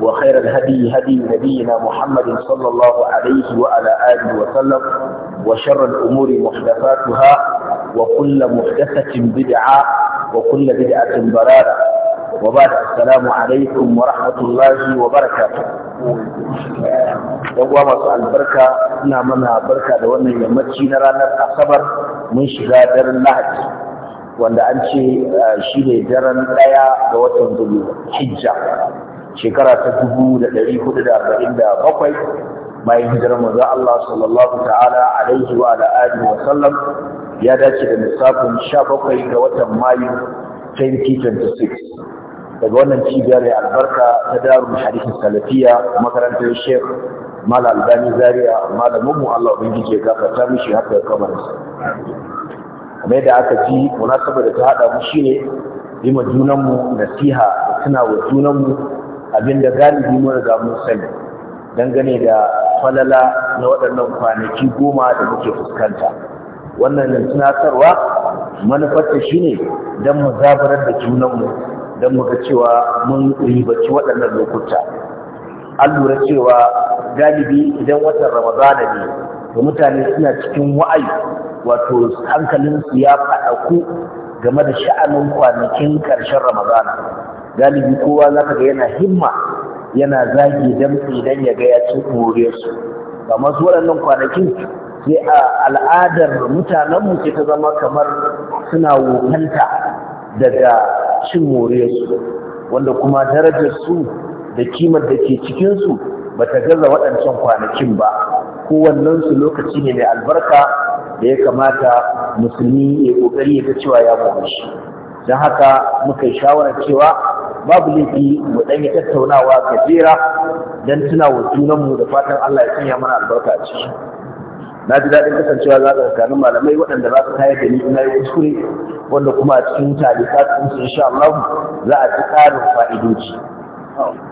وخير الهدي هدي نبينا محمد صلى الله عليه وعلى آله وسلم وشر الأمور محدثاتها وكل محدثة بدعة وكل بدعة ضلالة وبعد السلام عليكم ورحمة الله وبركاته yawwa masu albarka ina mana barka da wannan yammaci na ranar asabar mun shiga daren lahadi wanda an ce shi ne daren daya ga watan zulhijja shekara ta dubu da ɗari hudu da arba'in da bakwai bayan hijirar manzo Allah sallallahu ta'ala alaihi wa ala alihi wa sallam ya dace da lissafin sha bakwai ga watan Mayu 2026 daga wannan cibiyar albarka ta Daru hadith salafiya makarantar Sheikh Mala Albani Zaria malamin mu Allah ubangiji ya gafarta mishi haka kamar kamar da aka ji munasabar da ta hada mu shine yi ma junanmu nasiha da tuna wa junanmu abinda galibi mun ga mun sani dangane da falala na waɗannan kwanaki goma da muke fuskanta wannan tunatarwa manufarta shine don mu zabarar da junanmu don mu ga cewa mun ribaci waɗannan lokuta an lura cewa galibi idan watan ramadana ne da mutane suna cikin wa'ayi wato hankalinsu ya ku game da sha'anin kwanakin ƙarshen ramadana galibi kowa za ka ga yana himma yana zagi damfi idan ya ga ya ci su ba masu waɗannan kwanakin sai a al'adar mutanenmu ce ta zama kamar suna wokanta daga cin su wanda kuma darajar su da kimar da ke cikinsu ba ta gaza waɗancan kwanakin ba su lokaci ne mai albarka da ya kamata musulmi ya ƙoƙari ya ga cewa ya gobe shi don haka muka yi shawarar cewa babu laifi mu dan yi tattaunawa kajera dan tuna wa junan mu da fatan Allah ya sanya mana albarka a ciki na ji daɗin kasancewa za ka tsakanin malamai waɗanda za su tayar da ni ina yi kuskure wanda kuma a cikin talika su insha Allah za a ci ƙarin fa'idoji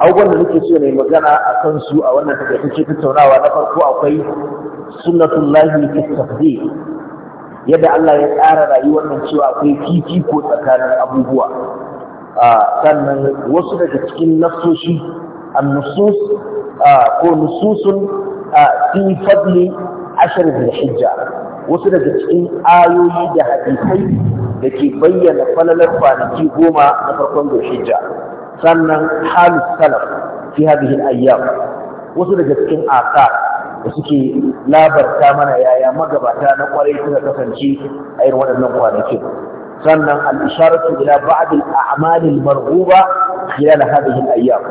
abubuwan da nake so na yi magana a kan su a wannan takaitacce tattaunawa na farko akwai sunnatullahi fi tafdi yadda Allah ya tsara rayuwar nan cewa akwai ko tsakanin abubuwa sannan wasu daga cikin nasoshi annusus ko nususun fi fadli ashar hijja wasu daga cikin ayoyi da hadisai da ke bayyana falalar kwanaki goma na farkon hijja sannan halus salaf fi hadhihi ayyam wasu daga cikin aka da suke labarta mana yaya magabata na kwarai suka kasance a irin waɗannan kwanakin sannan al-isharatu ila ba'd al-a'mal al da khilal hadhihi al-ayyam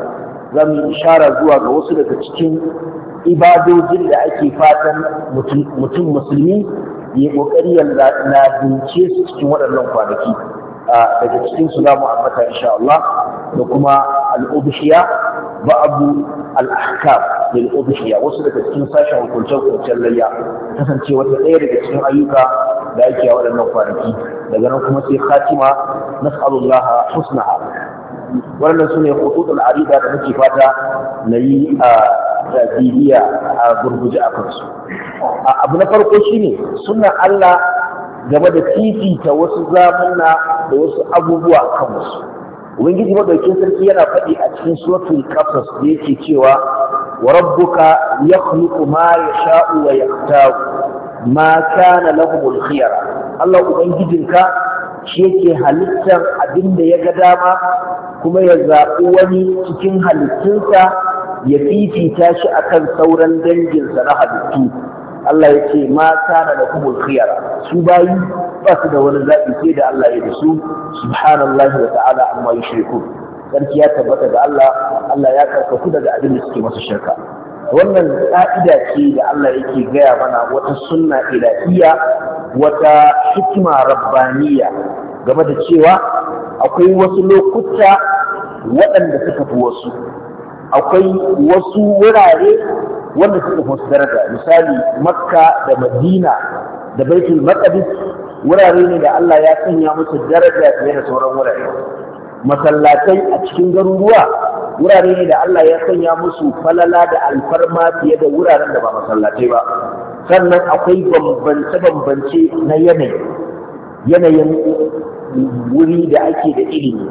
yi ishara zuwa ga wasu daga cikin ibadojin da ake fatan mutum musulmi ya ƙoƙari ya lazimce su cikin waɗannan kwanaki daga cikin su za mu ambata insha Allah da kuma al-udhiya ba'du al-ahkam lil wasu daga cikin sashen hukuncen hukuncen layya kasance wata ɗaya daga cikin ayyuka da ake a waɗannan kwanaki daga nan kuma sai khatima nas'alullah husnaha wannan sune khututul arida da nake fata nayi a tabiya a gurguje a kansu abu na farko shine sunan Allah game da fifita wasu zamanna da wasu abubuwa kan wasu ubangiji madaukin sarki yana faɗi a cikin suratul qasas da yake cewa wa rabbuka yakhluqu ma yasha'u wa yaqtaru ma kana lahumul khiyara Allah ubangijinka shi yake halittar abin da ya ga dama kuma ya zaɓi wani cikin halittunsa ya fifita shi akan sauran danginsa na halittu Allah ya ce ma kana lahumul khiyara su bayi ba su da wani zaɓi sai da Allah ya da su subhanallahi wa ta'ala amma yushrikun sarki ya tabbata ga Allah Allah ya karkaku daga abin da suke masa shirka wannan ka'ida ce da Allah yake gaya mana wata sunna ilahiya wata hikima rabbaniya game da cewa akwai wasu lokuta waɗanda suka fi wasu akwai wasu wurare wanda suka fi wasu daraja misali makka da madina da baitul maqdis wurare ne da Allah ya sanya musu daraja fiye da sauran wurare masallatai a cikin garuruwa wurare ne da Allah ya sanya musu falala da alfarma fiye da wuraren da ba masallatai ba sannan akwai bambance-bambance na yanayi yanayin wuri da ake da ilimi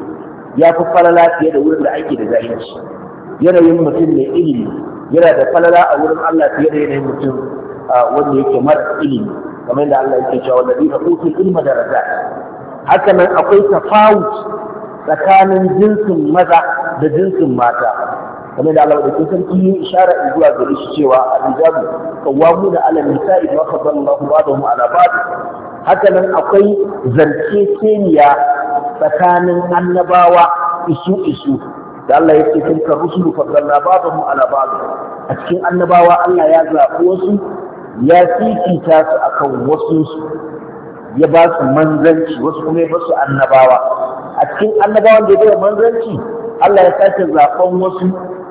ya fi falala fiye da wurin da ake da zahirci yanayin mutum mai ilimi yana da falala a wurin Allah fiye da yanayin mutum wanda yake mara ilimi kamar da Allah yake cewa da zai utu ilma da raza haka nan akwai tafawut tsakanin jinsin maza da jinsin mata kamar da Allah da sarki yi ishara zuwa gare shi cewa al-rijalu qawwamuna 'ala nisa'i ma fadalla Allahu ba'dahum 'ala bada haka nan akwai zance keniya tsakanin annabawa isu isu da Allah ya ce tilka rusulu 'ala a cikin annabawa Allah ya zaɓi wasu ya fifita su akan wasu ya ba su manzanci wasu kuma ya ba su annabawa a cikin annabawan da ya bai manzanci Allah ya sake zaɓen wasu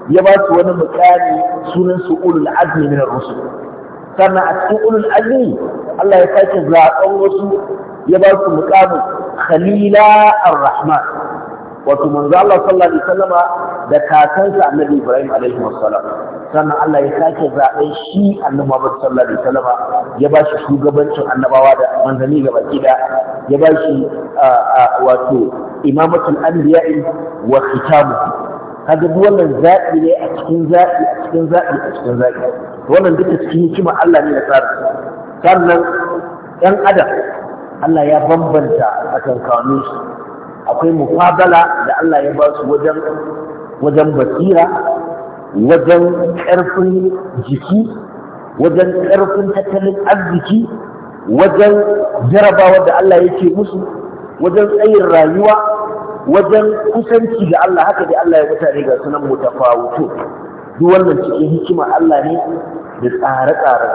ya ba su wani mukami sunan su ulul azmi min rusul sannan a cikin ulul azmi Allah ya sake zaɓen wasu ya ba su mukamin khalila ar-rahman wato manzo Allah sallallahu alaihi wasallama da kakansa annabi Ibrahim alaihi wassalam sannan Allah ya sake zaɓe shi annabi Muhammad sallallahu alaihi wasallama ya ba shi shugabancin annabawa da manzanni gaba da ya ba shi wato imamatul anbiya'i wa khitamu kaga duk wannan zaɓi ne a cikin zaɓi a cikin zaɓi a cikin zaɓi wannan duka cikin hikima Allah ne da tsara sannan ɗan adam Allah ya bambanta a kankanin su akwai mufadala da Allah ya ba su wajen wajen basira wajen ƙarfin jiki wajen ƙarfin tattalin arziki wajen jarabawa da Allah yake musu wajen tsayin rayuwa wajen kusanci ga Allah haka da Allah ya mutane ga sunan mutafawuto duk wannan cikin hikima Allah ne da tsare tsare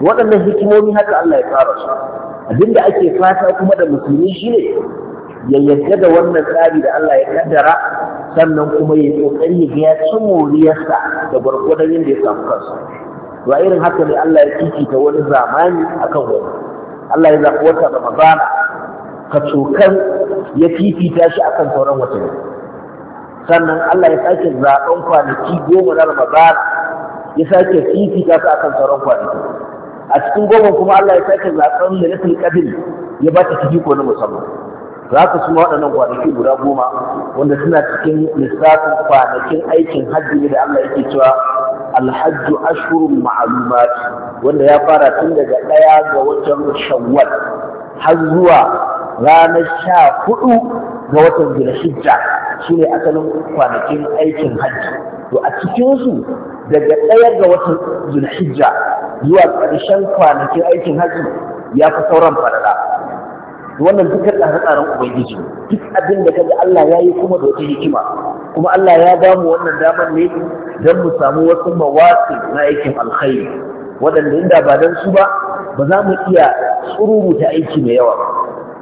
waɗannan hikimomi haka Allah ya tsara su abinda ake fata kuma da musulmi shine ya yarda da wannan tsari da Allah ya kaddara sannan kuma ya kokari ya ga ya ci moriyarsa da gwargwadon da ya samu kansa to irin haka ne Allah ya fifita wani zamani akan wani Allah ya zaɓi wata Ramadana ka cokan ya fifita shi akan sauran watanni sannan Allah ya sake zaɓen kwanaki goma na Ramadana ya sake fifita su akan sauran kwanaki a cikin goma kuma Allah ya sake zaɓen da lailatul qadr ya ba ta fifiko na musamman za ka suma waɗannan kwanaki guda goma wanda suna cikin lissafin kwanakin aikin hajji da Allah yake cewa alhajju ashurun ma'lumat wanda ya fara tun daga ɗaya ga watan shawwal har zuwa ranar sha hudu ga watan shi shine asalin kwanakin aikin hajji to a cikinsu daga ɗaya ga watan Juna-Shijja zuwa ƙarshen kwanakin aikin hajji ya fi sauran falala wannan dukkan tsare-tsaren ubangiji duk abin da kaga Allah ya yi kuma da wata hikima kuma Allah ya ba mu wannan damar ne don mu samu wasu mawasi na aikin alkhairi waɗanda inda ba don su ba ba za mu iya ta aiki mai yawa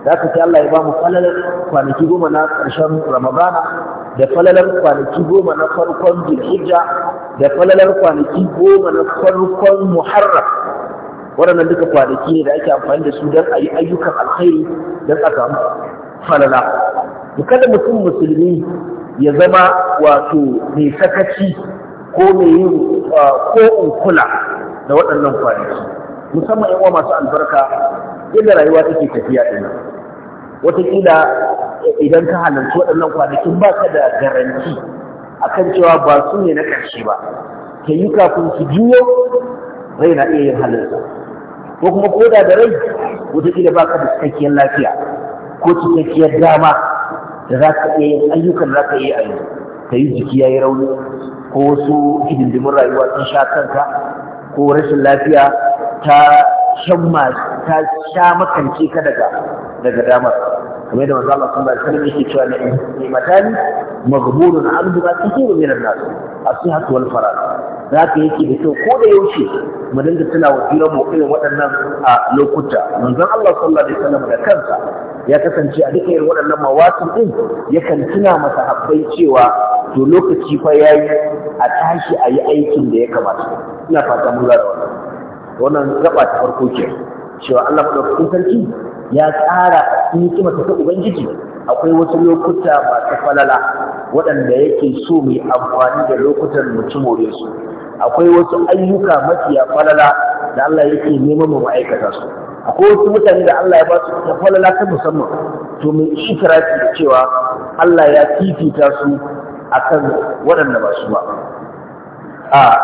za ka ce Allah ya ba mu falalar kwanaki goma na ƙarshen Ramadana da falalar kwanaki goma na farkon Zulhijja da falalar kwanaki goma na farkon Muharram waɗannan duka kwanaki ne da ake amfani da su don a yi ayyukan alkhairi don a samu falala kada mutum musulmi ya zama wato mai sakaci ko mai yin ko in kula da waɗannan kwanaki musamman yawa masu albarka yadda rayuwa take tafiya ɗin nan wataƙila idan ka halarci waɗannan kwanakin ba ka da garanti akan cewa ba su ne na ƙarshe ba ka yi kafin su juyo rai na iya yin halinsa ko kuma koda da rai wataƙila ba ka da cikakkiyar lafiya ko cikakkiyar dama da za ka iya yin ayyukan za ka iya a ka yi jiki ya yi rauni ko wasu hidindimin rayuwa sun sha kanka ko rashin lafiya ta sha makance ka daga daga damar kamar da manzo Allah sallallahu alaihi wasallam yake cewa ni matani maghburun abdu ba kaseeru min an-nas as-sihhat wal farag zaka yake da kyau ko da yaushe mu dinga tuna wa jira mu irin waɗannan a lokuta manzo Allah sallallahu alaihi wasallam da kansa ya kasance a dukkan waɗannan mawatin din yakan tuna masa habbai cewa to lokaci fa yayi a tashi a yi aikin da ya kamata ina fata mun gara wannan wannan gaba ta farko ke cewa Allah madaukakin sarki ya tsara in kima ta ubangiji akwai wasu lokuta masu falala waɗanda yake so mai amfani da lokutan mutum more su akwai wasu ayyuka mafiya falala da Allah yake neman mu ma'aikata su akwai wasu mutane da Allah ya ba su ta falala ta musamman to mai ikirafi da cewa Allah ya fifita su akan waɗanda ba su ba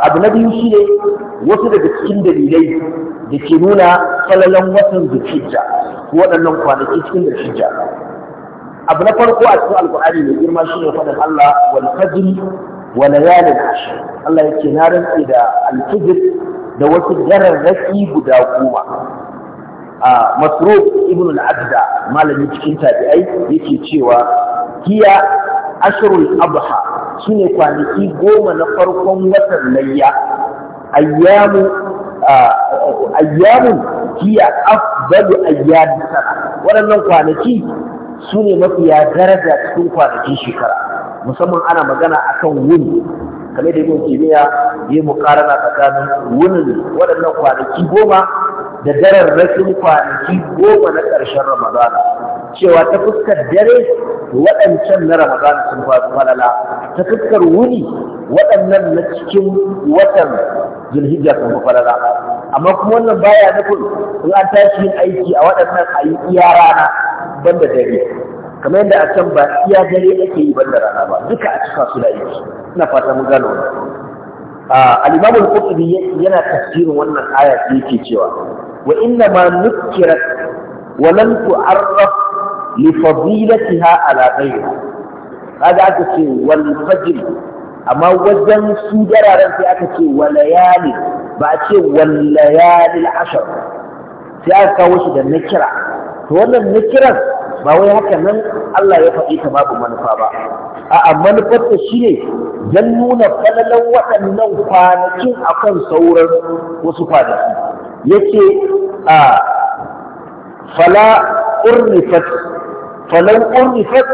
abu na biyu shi ne wasu daga cikin dalilai da ke nuna falalan watan zulhijja waɗannan kwanaki cikin zulhijja abu na farko a cikin alkur'ani mai girma shi ne faɗin Allah wal fajr wa layalin ashr Allah yake na rantsi da alfijir da wasu gararraki guda goma a masruf ibn al-adda malami cikin tabi'ai yake cewa hiya ashrul abha su ne kwanaki goma na farkon watan layya ayyamun hiya afdalu ayyamin sana waɗannan kwanaki su ne mafiya daraja cikin kwanakin shekara musamman ana magana akan wuni kamar da ibn kimiyya yi mukarana tsakanin wunin waɗannan kwanaki goma da dararrakin kwanaki goma na ƙarshen ramadana cewa ta fuskar dare waɗancan na Ramadan sun faru falala ta fuskar wuni waɗannan na cikin watan Zulhijja sun falala amma kuma wannan baya nufin in an tashi yin aiki a waɗannan a yi iya rana banda dare kamar yadda a can ba iya dare ake yi ban da rana ba duka a cika su da aiki ina fata mun gano wannan al-Imam al-Qurtubi yana tafsirin wannan aya da yake cewa wa inna ma nukkirat wa lam tu'arraf li fadilatiha ala ghayri kaga aka ce wal fajr amma wajen su sai aka ce walayali ba a ce walayali ashar sai aka kawo shi da nakira to wannan nakiran ba wai haka nan Allah ya faɗi ta babu manufa ba a'a manufarta shine dan nuna falalan waɗannan kwanakin akan sauran wasu kwanaki yace a fala urnifat falau urifat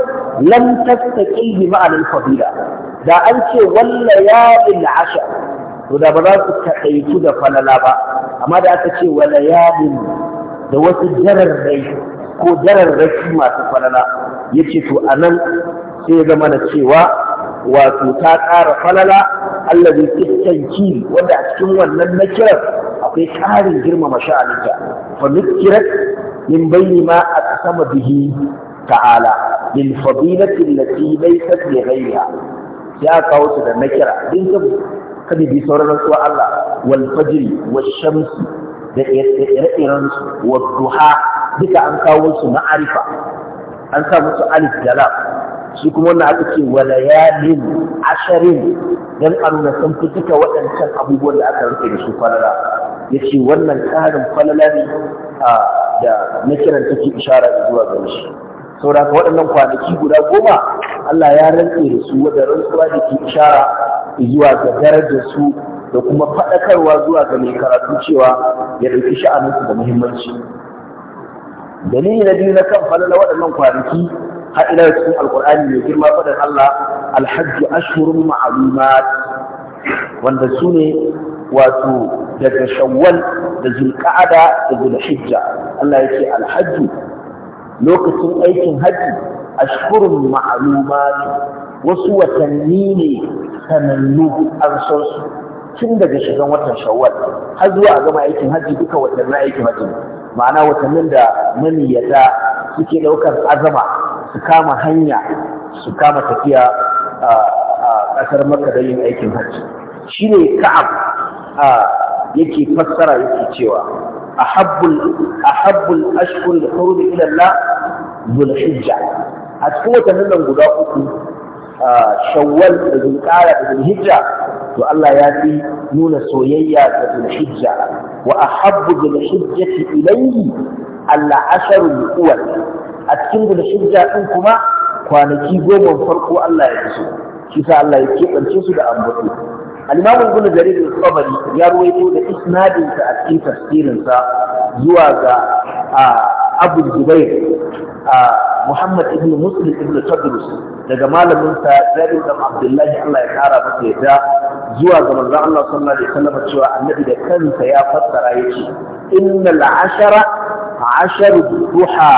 lam tattaqihi ma'anin Kabila, da an ce walla ya bil asha to da ba za su taƙaitu da falala ba amma da aka ce wala ya da wasu jararrai ko jararraki masu falala ya ce to a nan sai ya zama da cewa wato ta ƙara falala Allah zai kiskanci wanda a cikin wannan na kiran akwai ƙarin girmama sha'aninta fa nukirat min bayni ma aqsama bihi ta'ala lil fadilati allati laysat li ghayriha ya kawo su da nakira din ka kada bi sauran suwa Allah wal fajr wal shams da ire-iren su wal duha duka an kawo su ma'arifa an sa musu alif da lab. shi kuma wannan aka ce wa layalin asharin dan anuna sun fi duka waɗancan abubuwan da aka rufe da su falala yace wannan ƙarin falala ne da na kiran take ishara zuwa gare shi saboda ka waɗannan kwanaki guda goma Allah ya rantse da su wadda rantsuwa da ke ishara zuwa ga darajar su da kuma faɗakarwa zuwa ga mai karatu cewa ya ɗauki sha'aninsu da muhimmanci dalili na biyu na kan falala waɗannan kwanaki har ila cikin alkur'ani mai girma faɗin Allah alhajji ashhurun ma'lumat wanda su ne wato daga shawwal da zulqa'ada da zulhijja Allah yake alhajju lokacin aikin haji ma'aluma ne wasu watanni ne sanannu an san su tun daga shigan watan shawwal har zuwa a gama aikin haji duka watannin aikin haji ma'ana watannin da maniyata suke ɗaukar azama su kama hanya su kama tafiya a ƙasar makadayin yin aikin haji ne ka'ab yake fassara yake cewa ahabbul ahabbul ashhur al-hurum ila Allah dhul hijja a cikin watannin nan guda uku shawwal da zulqa'ada da zulhijja to Allah ya fi nuna soyayya da zulhijja wa ahabbu zulhijjati ilayhi al-ashhur al-awwal a cikin zulhijja ɗin kuma kwanaki goma farko Allah ya fi so shi sa Allah ya keɓance su da ambato al-imam ibn jarir al-tabari ya ruwaito da isnadin a cikin tafsirin sa zuwa ga abu zubair muhammad ibn muslim ibn tadrus daga malamin sa jarir ibn abdullahi Allah ya kara masa yadda zuwa ga manzo Allah sallallahu alaihi wasallam cewa annabi da kansa ya fassara yace innal ashara asharu duha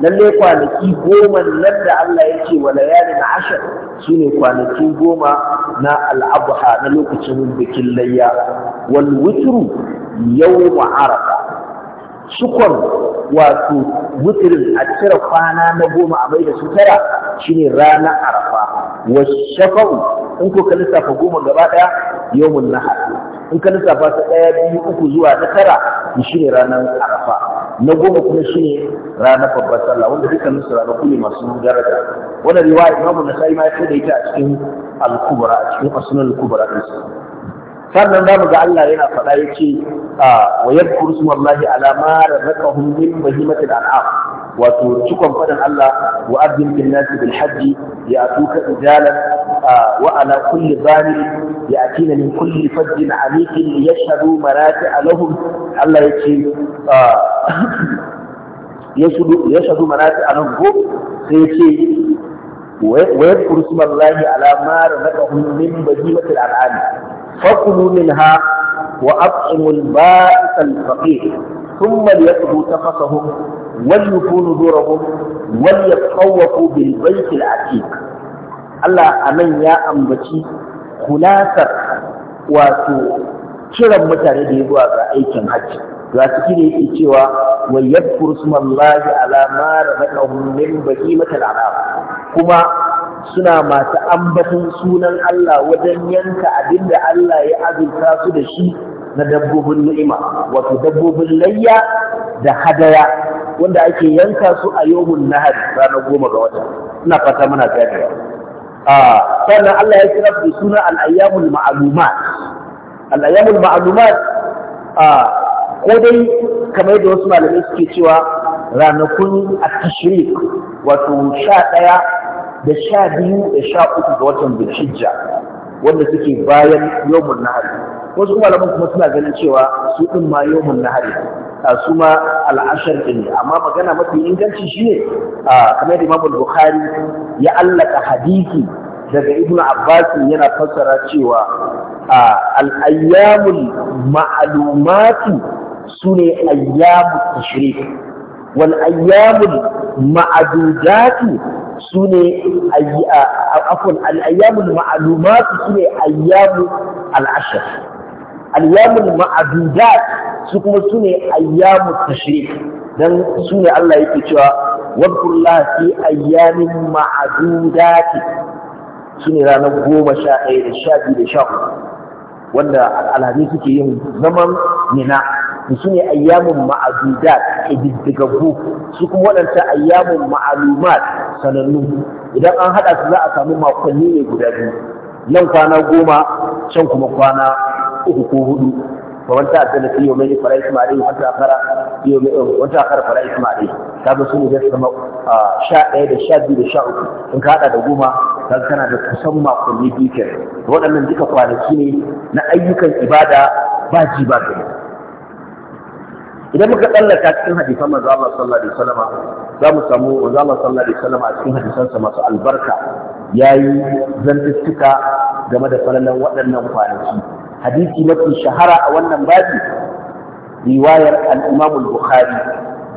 lalle kwanaki goma nan da Allah ya ce wa layali na ashar su ne kwanaki goma na al'abha na lokacin bikin layya wal wutru yau ma'arafa? sukon wato wuturin a cire kwana na goma a mai da su tara ne ranar arafa wa shafa'u in ko ka lissafa goma gaba daya yawmun nahar in ka lissafa ta biyu uku zuwa na tara shine ranar arafa na goma kuma shi ne ranar babbar sallah wanda dukkanin su ranaku ne masu daraja wannan riwaya imamu nasai ma ya kai da ita a cikin al-kubra a cikin asnul al-kubra din sannan zamu ga Allah yana faɗa yace wa yadkuru smallahi ala ma razaqahum min bahimatil an'am wato cikon faɗin Allah wa ardin fil nasi bil hajji ya atuka ijalan آه، وعلى كل بال يأتينا من كل فج عميق ليشهدوا مراتع لهم الله يجي آه، يشهدوا مراتع لهم ويذكر اسم الله على ما رزقهم من بهيمة الأنعام فكلوا منها وأطعموا البائس الفقير ثم ليقضوا تفسهم وليكونوا نورهم وليتخوفوا بالبيت العتيق Allah a nan ya ambaci kulasar wato kiran mutane da ya zuwa ga aikin hajji za su kire yake cewa wa yadkur sumallahi ala ma razaqahum min bahimatil anam kuma suna masu ambaton sunan Allah wajen yanka abinda Allah ya azurta su da shi na dabbobin ni'ima wato dabbobin layya da hadaya wanda ake yanka su a yawmun nahar ranar goma ga wata ina fata muna ganewa sannan Allah ya kira su suna al'ayyamun ma'alumat al'ayyamun ma'alumat ko dai kamar yadda wasu malamai suke cewa ranakun at wato sha ɗaya da sha biyu da sha uku ga watan Zulhijja wanda suke bayan yawmul nahar wasu malaman kuma suna ganin cewa su din ma yawmun nahari a su ma al'ashar din amma magana mafi inganci shine kamar da Imam Bukhari ya allaka hadisi daga Ibn Abbas yana fassara cewa al-ayyamul ma'lumatu sune ayyamut tashrik wal ayyamul ma'adudatu sune ayyamul sune ayyamu al-ashr alyamun ma'adudat su kuma su ne ayyamu tashrik dan su ne Allah yake cewa wadkullaha fi ayyamin ma'adudat su ne ranar goma sha ɗaya da sha biyu da sha hudu. wanda Alhami suke yin zaman nina su ne ayyamun ma'adudat ƙididdigaggu su kuma waɗanta ayyamun ma'alumat sanannu idan an haɗa su za a samu makonni ne guda biyu nan kwana goma can kuma kwana uku ko hudu eh, su ne sama ah, sha ɗaya da sha biyu da sha uku in ka haɗa da goma kana da kusan makonni biyu ke waɗannan duka kwanaki ne na ayyukan ibada ba ji ba gani idan muka tsallaka cikin hadisan manzo Allah sallallahu alaihi wasallam za mu samu manzo Allah sallallahu alaihi wasallam a cikin hadisansa masu albarka yayi zantuttuka game da falalan waɗannan kwanaki hadisi mafi shahara a wannan babi riwayar al-Imam al-Bukhari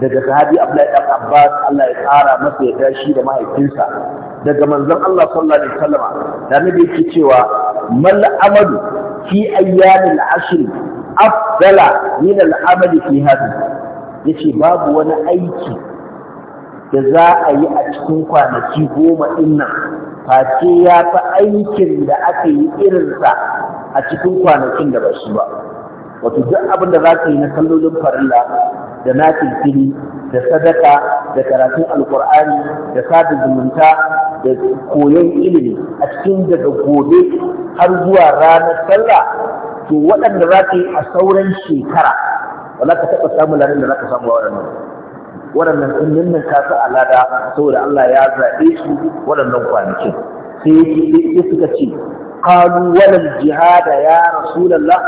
daga sahabi Abdullahi ibn Abbas Allah ya kara masa ya tashi da mahaifinsa daga manzon Allah sallallahu alaihi wasallama da nabi yake cewa mal amalu fi ayyamil ashr afdala min al amali fi hadhihi yace babu wani aiki da za a yi a cikin kwanaki goma ɗin nan face ya fi aikin da aka yi irinsa a cikin kwanakin da ba ba wato duk abin da za ka yi na kallolin farilla da na tilfili da sadaka da karatun alkur'ani da sada zumunta da koyon ilimi a cikin daga gobe har zuwa ranar sallah to waɗanda za ka yi a sauran shekara wala ka taɓa samun larin da za ka samu waɗannan waɗannan sun ninnin kasu a lada saboda Allah ya zaɓe su waɗannan kwanakin sai suka ce qalu walal jihad ya rasulullah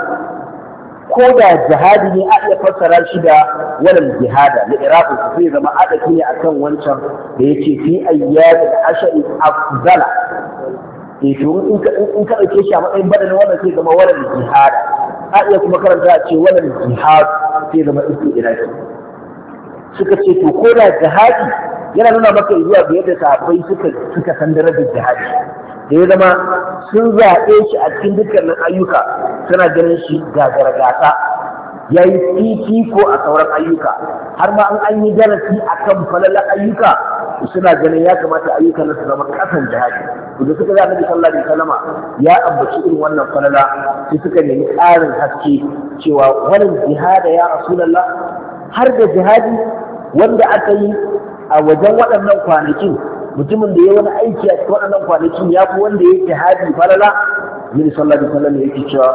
ko da jihadi ne a iya fassara shi da walal jihada na iraqu zai zama adaki ne akan wancan da yake fi ayyadil ashari afdala eh to in ka dauke shi a matsayin badalin wannan sai zama walal jihada a iya kuma karanta a ce walal jihad sai zama istiraki suka ce to ko da jihadi yana nuna maka zuwa ga yadda sahabbai suka suka san darajar jihadi da ya zama sun zaɓe shi a cikin dukkanin ayyuka suna ganin shi gagara gasa ya yi ko a sauran ayyuka har ma an an yi darasi a kan falalar ayyuka suna ganin ya kamata ayyukan nasu zama kasan jihadi da suka zaɓi da sallah da salama ya ambaci in wannan falala sai suka nemi ƙarin haske cewa wannan jihada ya lalla. har da jihadi wanda aka yi a wajen waɗannan kwanakin mutumin da ya wani aiki a cikin waɗannan kwanakin ya fi wanda ya jihadi falala min sallallahu alaihi wasallam yake cewa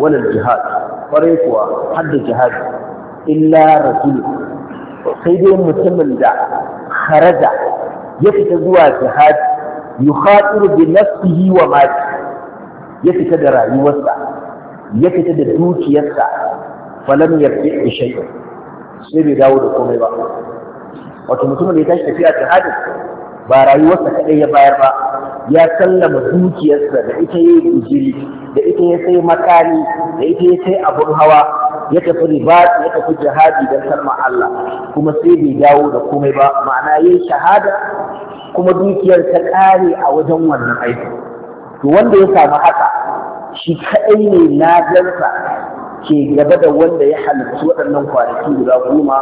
wala jihad kwarai kuwa hadda jihad illa rasul sai dai mutumin da kharaja ya fita zuwa jihad yukhatiru bi nafsihi wa mali ya fita da rayuwarsa ya fita da dukiyarsa falam yarji bi shay'in sai bai dawo da komai ba wato mutumin da ya tashi tafiya jihadin ba rayuwarsa kaɗai ya bayar ba ya sallama dukiyarsa da ita ya yi ujiri da ita ya sai makani da ita ya sai abun hawa ya tafi riba ya tafi jihadi don kalmar Allah kuma sai bai dawo da komai ba ma'ana yayi shahada kuma dukiyar ta ƙare a wajen wannan aiki to wanda ya samu haka shi kaɗai ne najarsa ke gaba da wanda ya halarci waɗannan kwanaki guda goma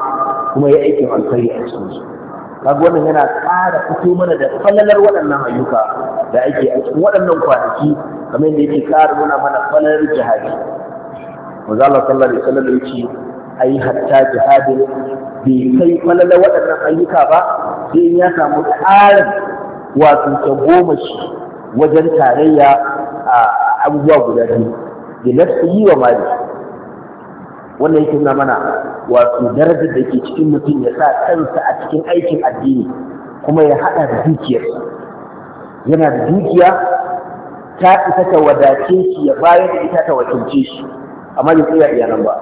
kuma ya aikin alkhairi a cikinsu kaga wannan yana ƙara fito mana da falalar waɗannan ayyuka da ake a cikin waɗannan kwanaki kamar yadda yake ƙara nuna mana falalar jihadi Maza Allah sallallahu alaihi wasallam yace ai hatta jihadin bai kai falalar waɗannan ayyuka ba sai ya samu ƙarin wato ta goma shi wajen tarayya a abubuwa guda biyu da nafsi wa mali wannan yake nuna mana wato darajar da ke cikin mutum ya sa kansa a cikin aikin addini kuma ya haɗa da dukiyarsa yana da dukiya ta isa ta wadace shi ya bayar da ita ta wakilce shi amma ya tsaya iyalan ba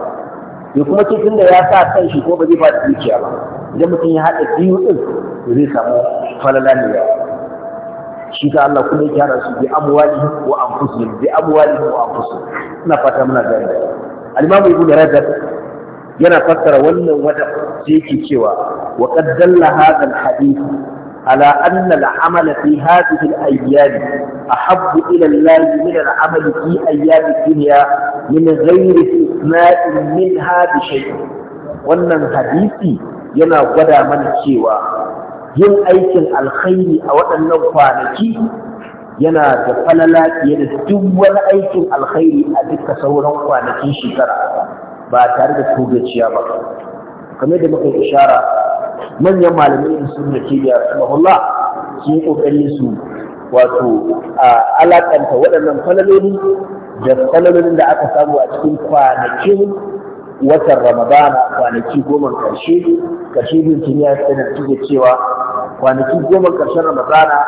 ya kuma ce tunda ya sa kan shi ko ba zai fada dukiya ba idan mutum ya haɗa biyu ɗin zai samu falala ne ya shi ka Allah kuma ya kyara su bi amwalihim wa anfusihim bi amwalihim wa anfusihim ina fata muna gani al-imamu ibnu yana fassara wannan wata sai cewa wa qad dalla hadha al-hadith ala anna al-amala fi hadhihi al-ayyam ahabbu ila Allah min al-amali min ghairi istisna'in wannan hadisi yana gwada mana cewa yin aikin alkhairi a waɗannan kwanaki yana da falala fiye da duk wani aikin alkhairi a duka sauran kwanakin shekara ba tare da togaciya ba kamar da muka ishara manyan malamai da sun da kibiya rahimahullah sun yi kokari su wato alakanta waɗannan falaloli da falalolin da aka samu a cikin kwanakin watan ramadana kwanaki goma karshe karshe bin tuniya sanar da cewa kwanaki goma karshen ramadana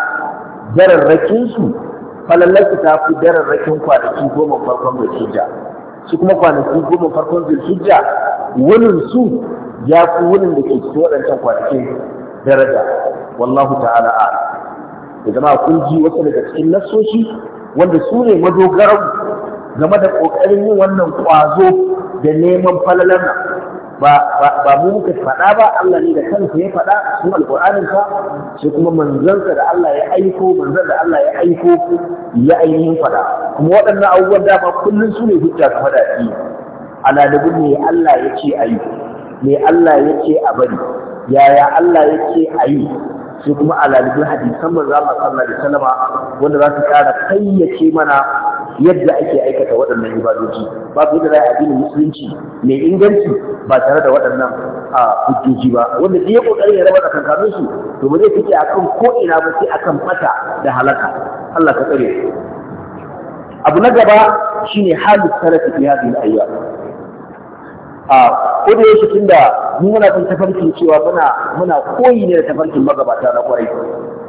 dararrakinsu falallarsu ta fi dararrakin kwanaki goma farkon zulhijja su kuma kwanaki goma farkon zulhijja wunin su ya fi wunin da ke cikin waɗancan kwanakin daraja wallahu ta'ala a da zama kun ji wasu daga cikin nassoshi wanda su ne madogaran game da ƙoƙarin yin wannan ƙwazo da neman falalar nan ba mu muka faɗa ba Allah ne da kansa ya faɗa a cikin alƙur'anin ka sai kuma manzansa da Allah ya aiko manzan da Allah ya aiko ya ainihin faɗa kuma waɗannan abubuwan dama kullum su ne hujja game da gudu ne Allah ya ce ayi ne Allah ya ce a bari yaya Allah ya ce ayi sai kuma a lalibin hadisan manzo Allah sallallahu alaihi wasallam wanda za su kara kayyace mana yadda ake aikata waɗannan ibadoji babu yadda za a addinin musulunci mai inganci ba tare da waɗannan a hujjoji ba wanda duk ya ya raba tsakankanin su to ba zai fice akan ko ina ba sai akan fata da halaka Allah ka tsare abu na gaba shine halin salafi fi hadhihi al a kodin yaushe tun da mu muna kan tafarkin cewa muna muna koyi ne da tafarkin magabata na kwarai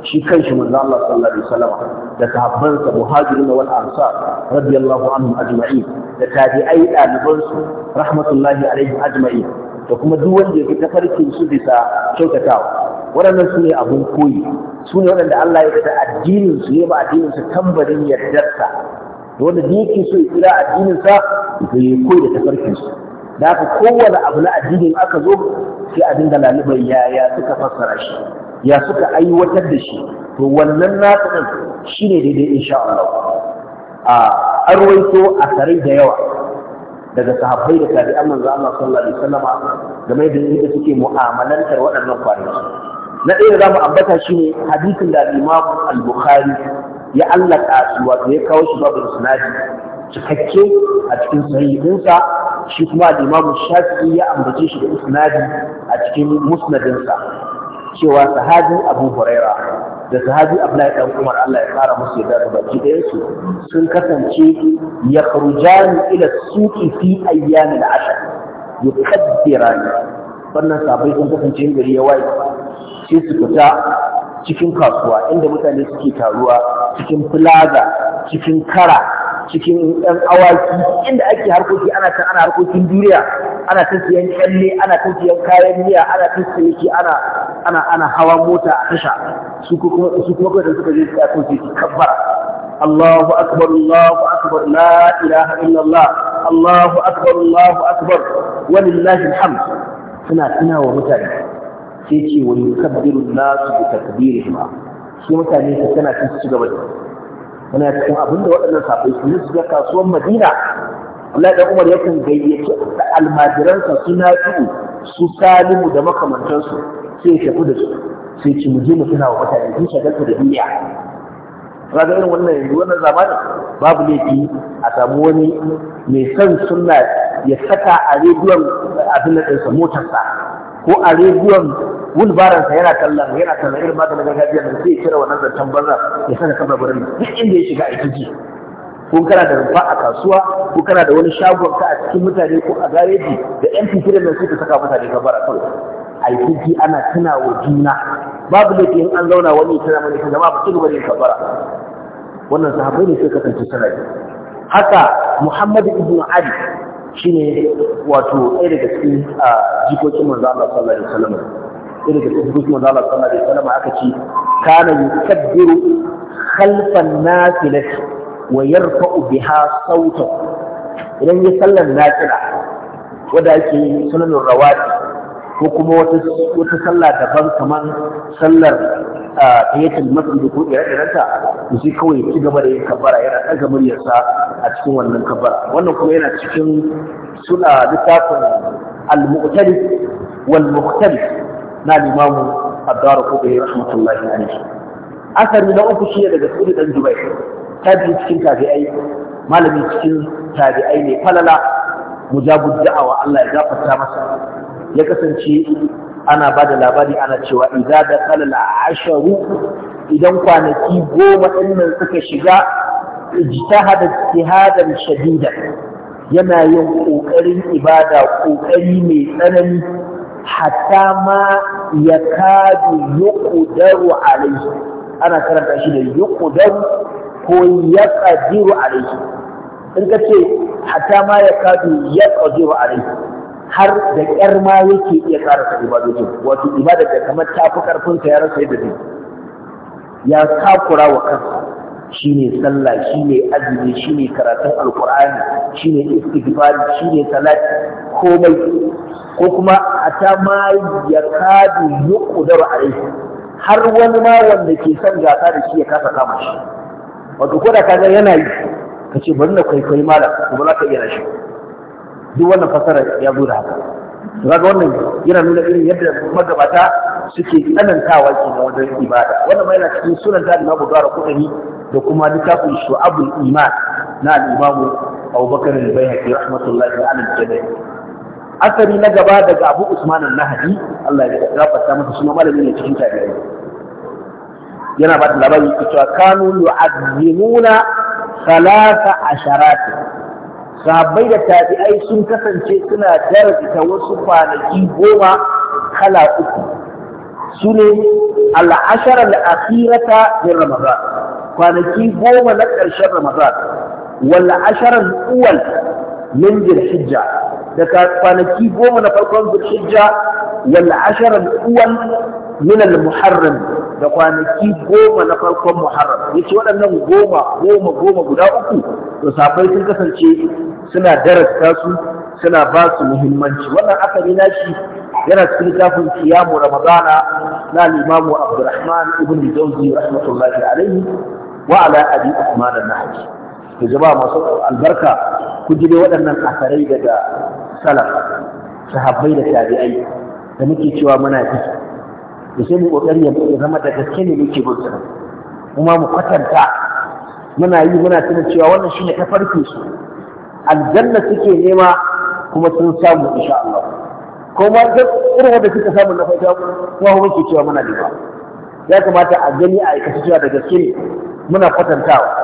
shi kanshi manzo Allah sallallahu alaihi wasallam da sahabbansa muhajirin wal ansar radiyallahu anhum ajma'in da tabi'ai daliban su rahmatullahi alaihim ajma'in da kuma duk wanda yake tafarkin su bisa kyautatawa waɗannan su ne abun koyi su ne waɗanda Allah ya da addinin su ya ba addinin su tambarin yardarsa wanda da yake so ya kira addinin sa da ya koyi da tafarkin su da haka kowane abu na addinin aka zo sai a dinga ya ya suka fassara shi ya suka aiwatar da shi to wannan na ɗin shi ne daidai insha Allah a arwaito a sarai da yawa daga sahabbai da tabi'an manzo Allah sallallahu alaihi wasallama game da yadda suke mu'amalantar waɗannan kwanaki na ɗaya za mu ambata shi ne hadisin da Imam Al-Bukhari ya allaka su wato ya kawo shi babu sinadi. cikakke a cikin sahihinsa shi kuma da shafi'i ya ambace shi da isnadi a cikin musnadinsa cewa sahabi abu huraira da sahabi abdullahi dan umar Allah ya fara musu yadda da baki da su sun kasance yakhrujani ila suqi fi ayyam al-ashr yukaddirani wannan sabai sun kasance gari ya waye sai su fita cikin kasuwa inda mutane suke taruwa cikin plaza cikin kara cikin 'yan awaki inda ake harkoki ana kan ana harkokin duniya ana ta siyan kyalle ana ta siyan kayan miya ana ta siyan ana ana ana hawa mota a tasha su kuma su kuma kawai suka je suka kauce su kabbara Allahu akbar Allahu akbar la ilaha illallah Allahu akbar Allahu akbar walillahi alhamd suna tunawa mutane sai ce na su nasu bi ma shi mutane su tana cin su gaba da ya cikin abin da waɗannan safai su su ga kasuwar Madina Allah da Umar yakan gayyace almajiransa suna tudu su salimu da makamantansu sai ya tafi da su sai ci mu je mu tana wa mutane sun shagalta da duniya ga irin wannan yanzu wannan zamanin babu laifi a samu wani mai son suna ya saka a rediyon abin da ɗinsa motarsa ko a rediyon wulbaransa yana kallon yana kallon irin maganin gargajiya da zai cire wannan zancen banza ya saka kafa birni duk inda ya shiga a ji ko kana da rumfa a kasuwa ko kana da wani shagon ka a cikin mutane ko a gareji da yan da nan suka saka mutane gabar a kawai a yi ana tuna wa juna babu da ke an zauna wani tana mani shi zama ba ci gaba da kabara wannan sahabai ne sai kasance suna haka muhammadu ibn ali shine wato ɗaya daga cikin ah, jikokin manzo Allah sallallahu alaihi wasallam sai daga cikin hadisin manzo Allah sallallahu alaihi wasallam aka ce kana yukabbiru khalfan nafilati wa yarfa'u biha sautahu idan yi sallar nafila wanda ake sunanin rawati ko kuma wata sallah daban kamar sallar tayyatul masjid ko ire-irenta to sai kawai ya ci gaba da yin kabbara yana ɗaga muryarsa a cikin wannan kabbara wannan kuma yana cikin suna littafin al-mu'tali wal-muqtali na limam abdara kubai rahmatullahi alaihi asari na uku shi daga suri dan dubai tabi cikin tabi'ai malami cikin tabi'ai ne falala mujabu da'awa Allah ya gafarta masa ya kasance ana ba da labari ana cewa idza da kalal asharu idan kwanaki goma ɗinnan suka shiga ijtahada ijtihadan shadidan yana yin kokarin ibada kokari mai tsanani hatta ma ya kadu yuqdaru alayhi ana karanta shi da yuqdaru ko yaqdiru alayhi in ka ce hatta ma ya kadu yaqdiru alayhi har da kyar ma yake iya karanta ibadojin wato ibada da kamar tafi karfin ta ya rasa yadda ya takura wa kansa shine sallah shine azumi shine karatun alqur'ani shine istighfar shine salat komai ko kuma ata ma ya kadu yuqdaru alaihi har wani ma wanda ke son gasa da shi ya kasa kama shi wato ko da kaga yana yi kace bari na kwaikwayi malam ko ba za ka iya shi duk wannan fasara ya zo da haka kaga wannan yana nuna irin yadda magabata suke tsanantawa kenan wajen ibada wannan ma yana cikin sunan da Imam Bukhari kudani da kuma littafin shu'abul iman na al-imamu Abubakar al-Baihaqi rahmatullahi ala al-jami' asari na gaba daga Abu Usman al-Nahdi Allah ya gafarta masa suna malamin ne cikin tabi'i yana ba da labari cewa kanu yu'azzimuna salasa asharat sahabbai da tabi'ai sun kasance suna daraja wasu kwanaki goma kala uku su ne al'ashar al'akhirata min ramadan kwanaki goma na ƙarshen Ramadan wal asharar uwal min Zulhijja da kwanaki goma na farkon Zulhijja wal asharar uwal min al-Muharram da kwanaki goma na farkon Muharram yace waɗannan goma goma goma guda uku to safai sun kasance suna darasta su suna ba su muhimmanci wannan asali na shi yana cikin littafin kiyamu ramadana na limamu abdurrahman ibn jauzi rahmatullahi alaihi wa ala abi usman an-nahawi to jama'a masu albarka ku jibe waɗannan asarai daga salaf sahabbai da tabi'ai da muke cewa muna fi da sai mu kokari ya zama da gaske ne muke bin su kuma mu kwatanta muna yi muna tuna cewa wannan shine tafarkin su aljanna suke nema kuma sun samu insha Allah ko ma irin wanda suka samu na fata kuma muke cewa muna nema ya kamata a gani a aikata cewa da gaske ne muna kwatantawa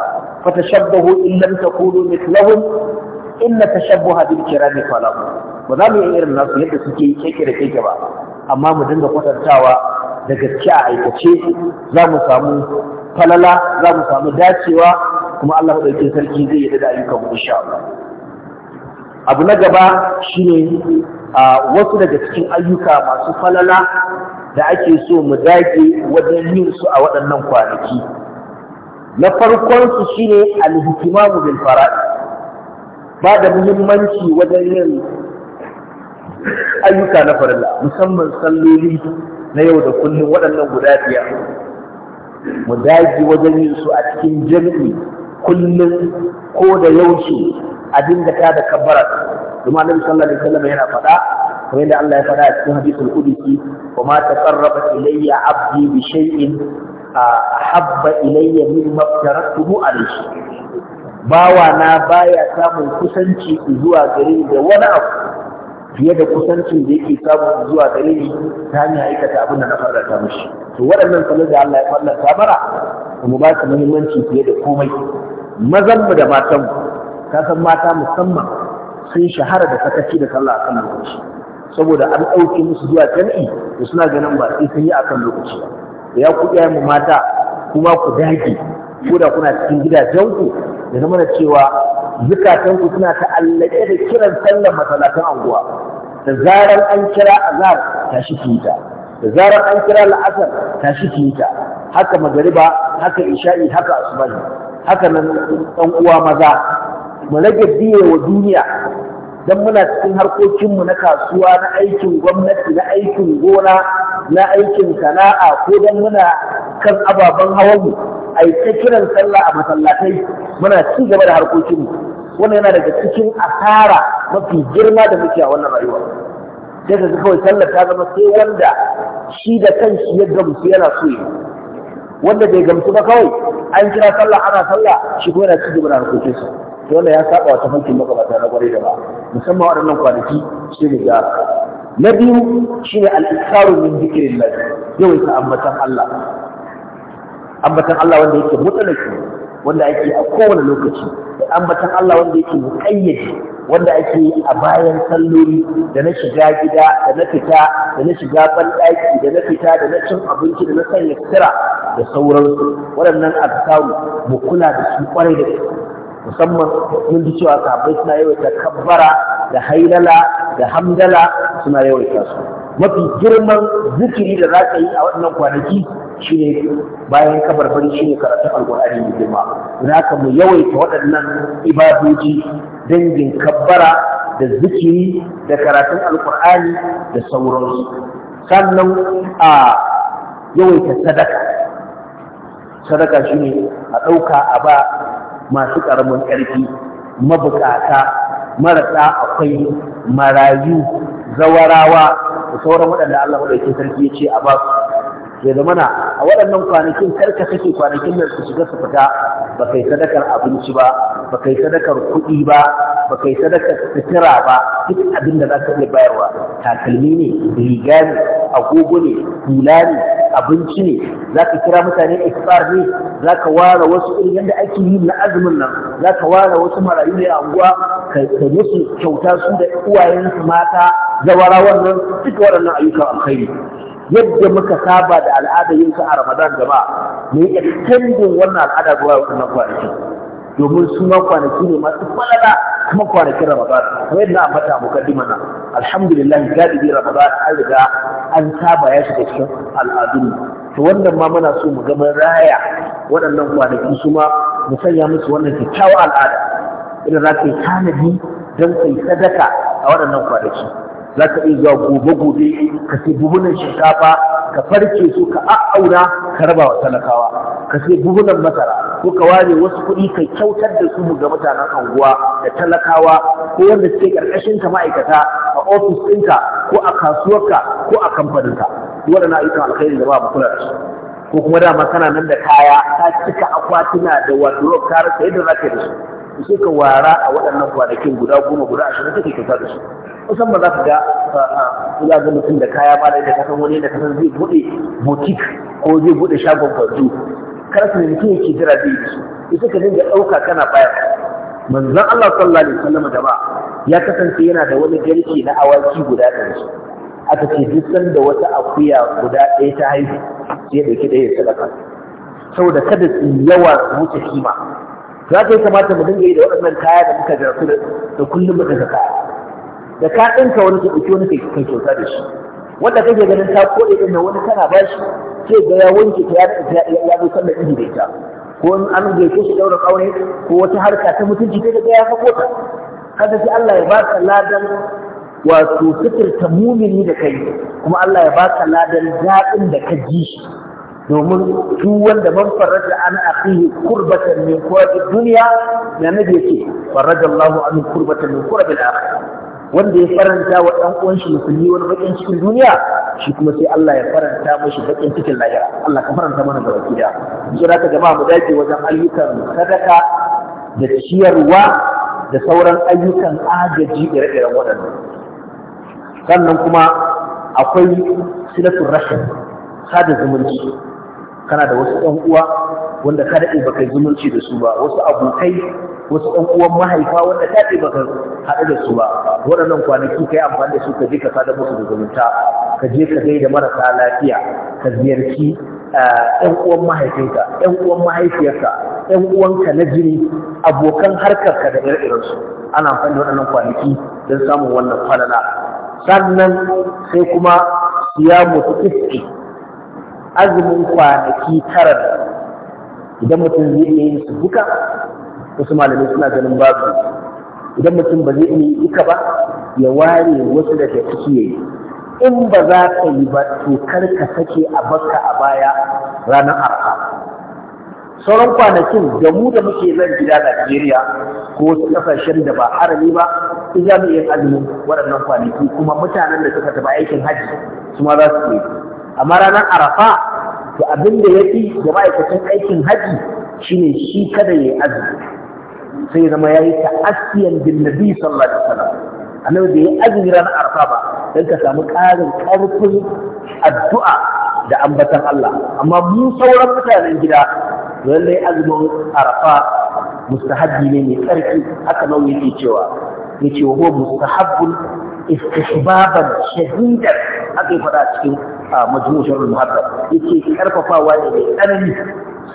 fata shabbahu in lam takunu mithlahum inna tashabbuha bil kirami falahu ba za mu yi irin nasu yadda suke keke da keke ba amma mu dinga kwatantawa da gaske a aikace za mu samu falala za mu samu dacewa kuma Allah ɗauke sarki zai yi da ayyukan mu insha Allah abu na gaba shine wasu daga cikin ayyuka masu falala da ake so mu dage wajen yin su a waɗannan kwanaki na farkonsu shine alhikimamu bil fara'i ba da muhimmanci wajen yin ayyuka na farilla musamman salloli na yau da kullum waɗannan guda biyar mu dage wajen yin su a cikin jami'i kullum ko da yaushe a dinga ta da kabbara kuma annabi sallallahu alaihi wasallam yana faɗa kamar yadda Allah ya faɗa a cikin hadisul qudsi wa ma taqarraba ilayya abdi bi shay'in ahabba ilayya mimma taratuhu alayhi bawa na baya samun kusanci zuwa gare da wani abu fiye da kusancin da yake samu zuwa gare ni ta hanyar aikata abin da na farrata mishi to waɗannan sanar da Allah ya farrata mara kuma ba su muhimmanci fiye da komai mazan mu da matan mu ka san mata musamman sun shahara da sakaci da sallah a lokaci saboda an ɗauke musu zuwa jami'i da suna ganin ba sai sun yi kan lokaci ba ya ku mu mata kuma ku dage ko da kuna cikin gidajenku da na mana cewa zukatanku suna ta'allake da kiran sallar masalatan anguwa da zarar an kira azhar tashi ki ta da zarar an kira la'asar tashi ki ta haka magariba haka isha'i haka asuba haka nan ɗan uwa maza mu rage biye wa duniya don muna cikin harkokinmu na kasuwa na aikin gwamnati na aikin gona na aikin sana'a ko don muna kan ababen hawanmu a yi ta kiran sallah a masallatai muna ci gaba da harkokinmu wannan yana daga cikin asara mafi girma da muke a wannan rayuwa sai ka kawai sallar ta zama sai wanda shi da kanshi ya gamsu yana so yi wanda bai gamsu ba kawai an kira sallah ana sallah shi kuma yana ci gaba da harkokinsa dole ya saba wa tafarkin magabata na kwarai da ba musamman waɗannan kwanaki shi ne gyara na biyu shi ne al'ikaru min zikirin lai yawaita ambatan Allah ambatan Allah wanda yake mutsalaki wanda ake a kowane lokaci da ambatan Allah wanda yake muƙayyade wanda ake yi a bayan salloli da na shiga gida da na fita da na shiga banɗaki da na fita da na cin abinci da na sanya sutura da sauransu waɗannan azkaru mu kula da su kwarai da gaske musamman mun ji cewa sahabbai suna yawaita kabbara da hailala da hamdala suna yawaita su mafi girman zikiri da za ka yi a waɗannan kwanaki shine bayan kabarbari shine karatun alƙur'ani mai girma za ka mu yawaita waɗannan ibadoji dangin kabbara da zikiri da karatun alƙur'ani da sauransu sannan a yawaita sadaka sadaka shine a ɗauka a ba masu ƙaramin ƙarfi mabukata marasa akwai marayu zawarawa da sauran waɗanda Allah ke sarki ya ce a ba bai zama na a waɗannan kwanakin karka kake kwanakin nan su shiga su fita ba kai sadakar abinci ba ba kai sadakar kuɗi ba ba kai sadakar fitira ba duk abin da za ka iya bayarwa takalmi ne riga ne agogo ne hula ne abinci ne za ka kira mutane iftar ne za ka ware wasu irin yadda ake yi na azumin nan za ka ware wasu marayu ne a unguwa ka musu kyauta su da uwayensu mata zawara wannan duka waɗannan ayyukan alkhairi yadda muka saba da al'ada yin a Ramadan gaba mu yi extending wannan al'ada zuwa wannan kwanaki domin su ma kwanaki ne masu falala kuma kwanakin Ramadan kamar yadda amata mata mukaddima na alhamdulillah galibi Ramadan an riga an saba ya shiga cikin al'adun to wannan ma muna so mu ga mun raya waɗannan kwanaki su ma mu sanya musu wannan kyakkyawar al'ada idan za ka yi tanadi don kai sadaka a waɗannan kwanaki za ka iya zuwa gobe-gobe ka sai buhunan shinkafa ka farce su ka auna, ka raba wa talakawa ka sai buhunan masara ko ka ware wasu kuɗi ka kyautar da su ga mutanen anguwa da talakawa ko wanda suke ƙarƙashin ka ma'aikata a ofis ɗinka ko a kasuwarka ko a kamfaninka waɗannan ayyukan alkhairi da ba mu kula da su ko kuma dama kana nan da kaya ka cika akwatuna da wardrobe ka rasa yadda za ka yi da su sai ka wara a waɗannan kwanakin guda goma guda ashirin kake kyauta da su kusan ba za ka ga za ga mutum da kaya ba da ita kasan wani da kasan zai buɗe butik ko zai buɗe shagon gwazo kar su mutum yake jira zai yi su ita ka dinga ɗauka kana bayar manzon Allah sallallahu alaihi da ba. ya kasance yana da wani garke na awaki guda ɗari aka ce duk da wata akuya guda ɗaya ta haihu sai ɗauki ɗaya sadaka saboda kada su yawa su wuce kima za ka yi kamata mu dinga yi da waɗannan kaya da muka jarfu da kullum muka kaya. da ka ɗinka wani ka ɗauki wani kai kyauta da shi wanda kake ganin ta kore ɗin wani kana ba shi sai ga ya wanke ta ya zo sallar idi da ita ko in an zai kusa ɗaurin aure ko wata harka ta mutunci ta ga ya fako ta kada sai Allah ya ba ka ladan wato fitirta mumini da kai kuma Allah ya ba ka ladan daɗin da ka ji shi domin su wanda man farraja an akhihi kurbatan min qurbi dunya na nabi yake farraja Allah an kurbatan min qurbi al-akhirah wanda ya faranta wa ɗan uwan shi musulmi wani bakin cikin duniya shi kuma sai Allah ya faranta mashi bakin cikin lahira Allah ka faranta mana gaba gida sai zaka jama'a mu dage wajen ayyukan sadaka da ciyarwa da sauran ayyukan agaji ire-iren waɗannan sannan kuma akwai silatul rahim sada zumunci kana da wasu ɗan uwa wanda ka daɗe baka zumunci da su ba wasu abokai wasu ɗan uwan mahaifa wanda ta ɗi baka haɗu da su ba waɗannan kwanaki ka yi amfani da su ka je ka sada musu da zumunta ka je ka gaida marasa lafiya ka ziyarci eh, ɗan uwan mahaifinka ɗan uwan mahaifiyarka ‘yan uwanka na jini abokan harkarka da ire irinsu. ana amfani da waɗannan kwanaki don samun wannan falala sannan sai kuma musu iske azumin kwanaki tara idan mutum zai iya yin su duka wasu malamai suna ganin babu idan mutum ba zai yi duka ba ya ware wasu daga ciki yi in ba za ka yi ba to kar ka sake a baka a baya ranar arha sauran kwanakin da mu da muke zan gida Najeriya ko wasu kasashen da ba harami ba in za mu iya azumin waɗannan kwanaki kuma mutanen da suka tafi aikin hajji su ma za su yi amma ranar arafa to abin da ya fi da ma'aikatan aikin hajji shine shi kada ya yi azumi sai zama ya yi ta'asiyan bin nabi sallallahu alaihi wasallam annabi bai yi azumi ranar arfa ba don ka samu ƙarin ƙarfin addu'a da ambatan Allah amma mu sauran mutanen gida lallai azumin arfa mustahabbi ne mai tsarki haka nan yake cewa yace wa huwa mustahabbun istihbaban shadidan haka ya faɗa cikin majmu'ul sharh al-muhaddab yace karfafawa ne mai tsanani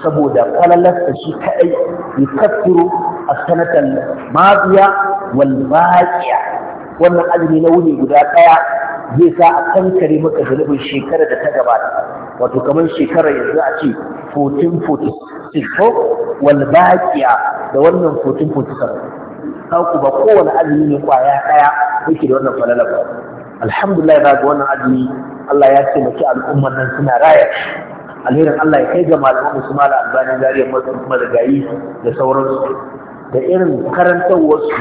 saboda kwalalarsa shi kaɗai ya kafiru السنة الماضية والباقية wannan azumi na wuni guda ɗaya zai sa a kankare maka zunubin shekarar da ta gabata wato kamar shekarar yanzu a ce 1446 wal baqiya da wannan 1447 ku ba kowane azumi ne kwaya ɗaya yake da wannan falala ba alhamdulillah ga wannan azumi Allah ya taimaki al'ummar nan suna raya alherin Allah ya kai ga malaman musu mala albanin zariyar marigayi da sauransu da irin karantarwarsu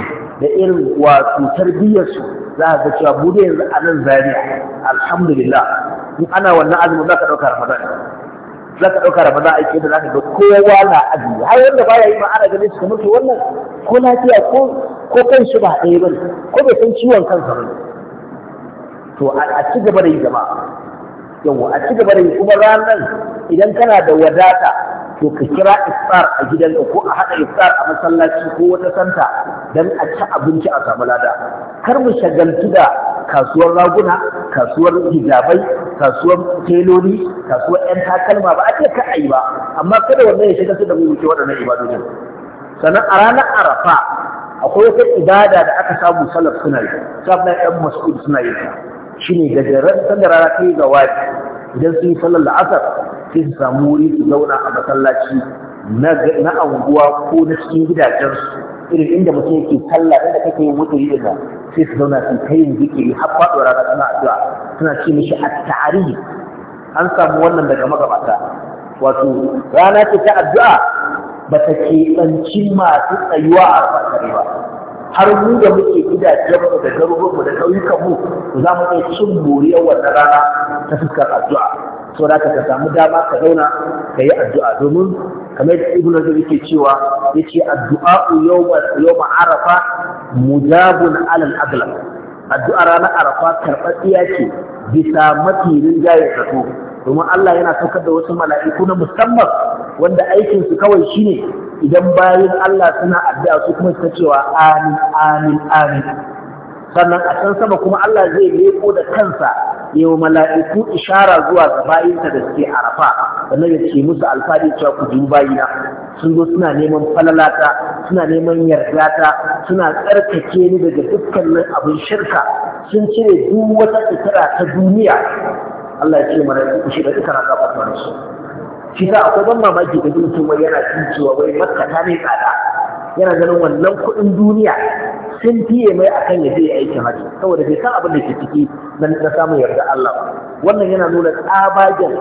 da irin wato tarbiyyarsu za a ga cewa bude yanzu a nan zariya alhamdulillah in ana wannan azumin za ka ɗauka ramadan za ka ɗauka ramadan aiki da za ka ga kowa na azumi har wanda baya yi ma ana ganin su kamar to wannan ko lafiya ko ko kan shi ba ɗaya bane ko bai san ciwon kansa bane to a ci gaba da yi jama'a yawa a ci gaba da yi kuma ranar idan kana da wadata to ka kira iftar a gidan ko a haɗa iftar a masallaci ko wata santa don a ci abinci a samu lada kar mu shagaltu da kasuwar raguna kasuwar hijabai kasuwar teloli kasuwar 'yan takalma ba a ce ka ayi ba amma kada wannan ya shiga su da mu waɗannan ibadojin sannan a ranar arafa akwai wata ibada da aka samu salaf suna yi salaf na suna yi shine daga ran da rana ta yi gawaci idan sun yi sallar la'asar sai su samu wuri su zauna a masallaci na anguwa ko na cikin gidajensu irin inda mutum yake talla, inda kake yin wuce yi da sai su zauna su kai yin zikiri har faɗuwa rana suna addu'a suna ce mishi a tarihi an samu wannan daga magabata wato rana ce ta addu'a ba ta keɓanci masu tsayuwa a fasare ba har mu da muke gidajenmu da garuruwanmu da mu, za mu iya cin moriyar wannan rana ta fuskar addu'a so da ka samu dama ka zauna ka yi addu'a domin kamar da ibn Hazm yake cewa yace addu'a yawma arafa mujabun alal aghlab addu'a ranar arafa karɓaɗɗiya ce bisa mafi rinjaye zato domin Allah yana saukar da wasu mala'iku na musamman wanda aikinsu kawai shine idan bayan Allah suna addu'a su kuma suka cewa amin amin amin sannan a can sama kuma Allah zai leko da kansa ya mala'iku ishara zuwa ga bayinsa da suke arafa sannan ya ce musu alfadi cewa ku duba bayina sun zo suna neman falalata suna neman yardata suna tsarkake ni daga dukkanin abin shirka sun cire duk wata tsira ta duniya Allah ya ce mala'iku ku shiga duka na gabatar su shi sa akwai ban mamaki da mutum wai yana cewa wai makka ta ne tsada yana ganin wannan kuɗin duniya sun fiye mai akan ya je ya aikin haji saboda bai san abin da ke ciki na samun yarda Allah wannan yana nuna tsabagen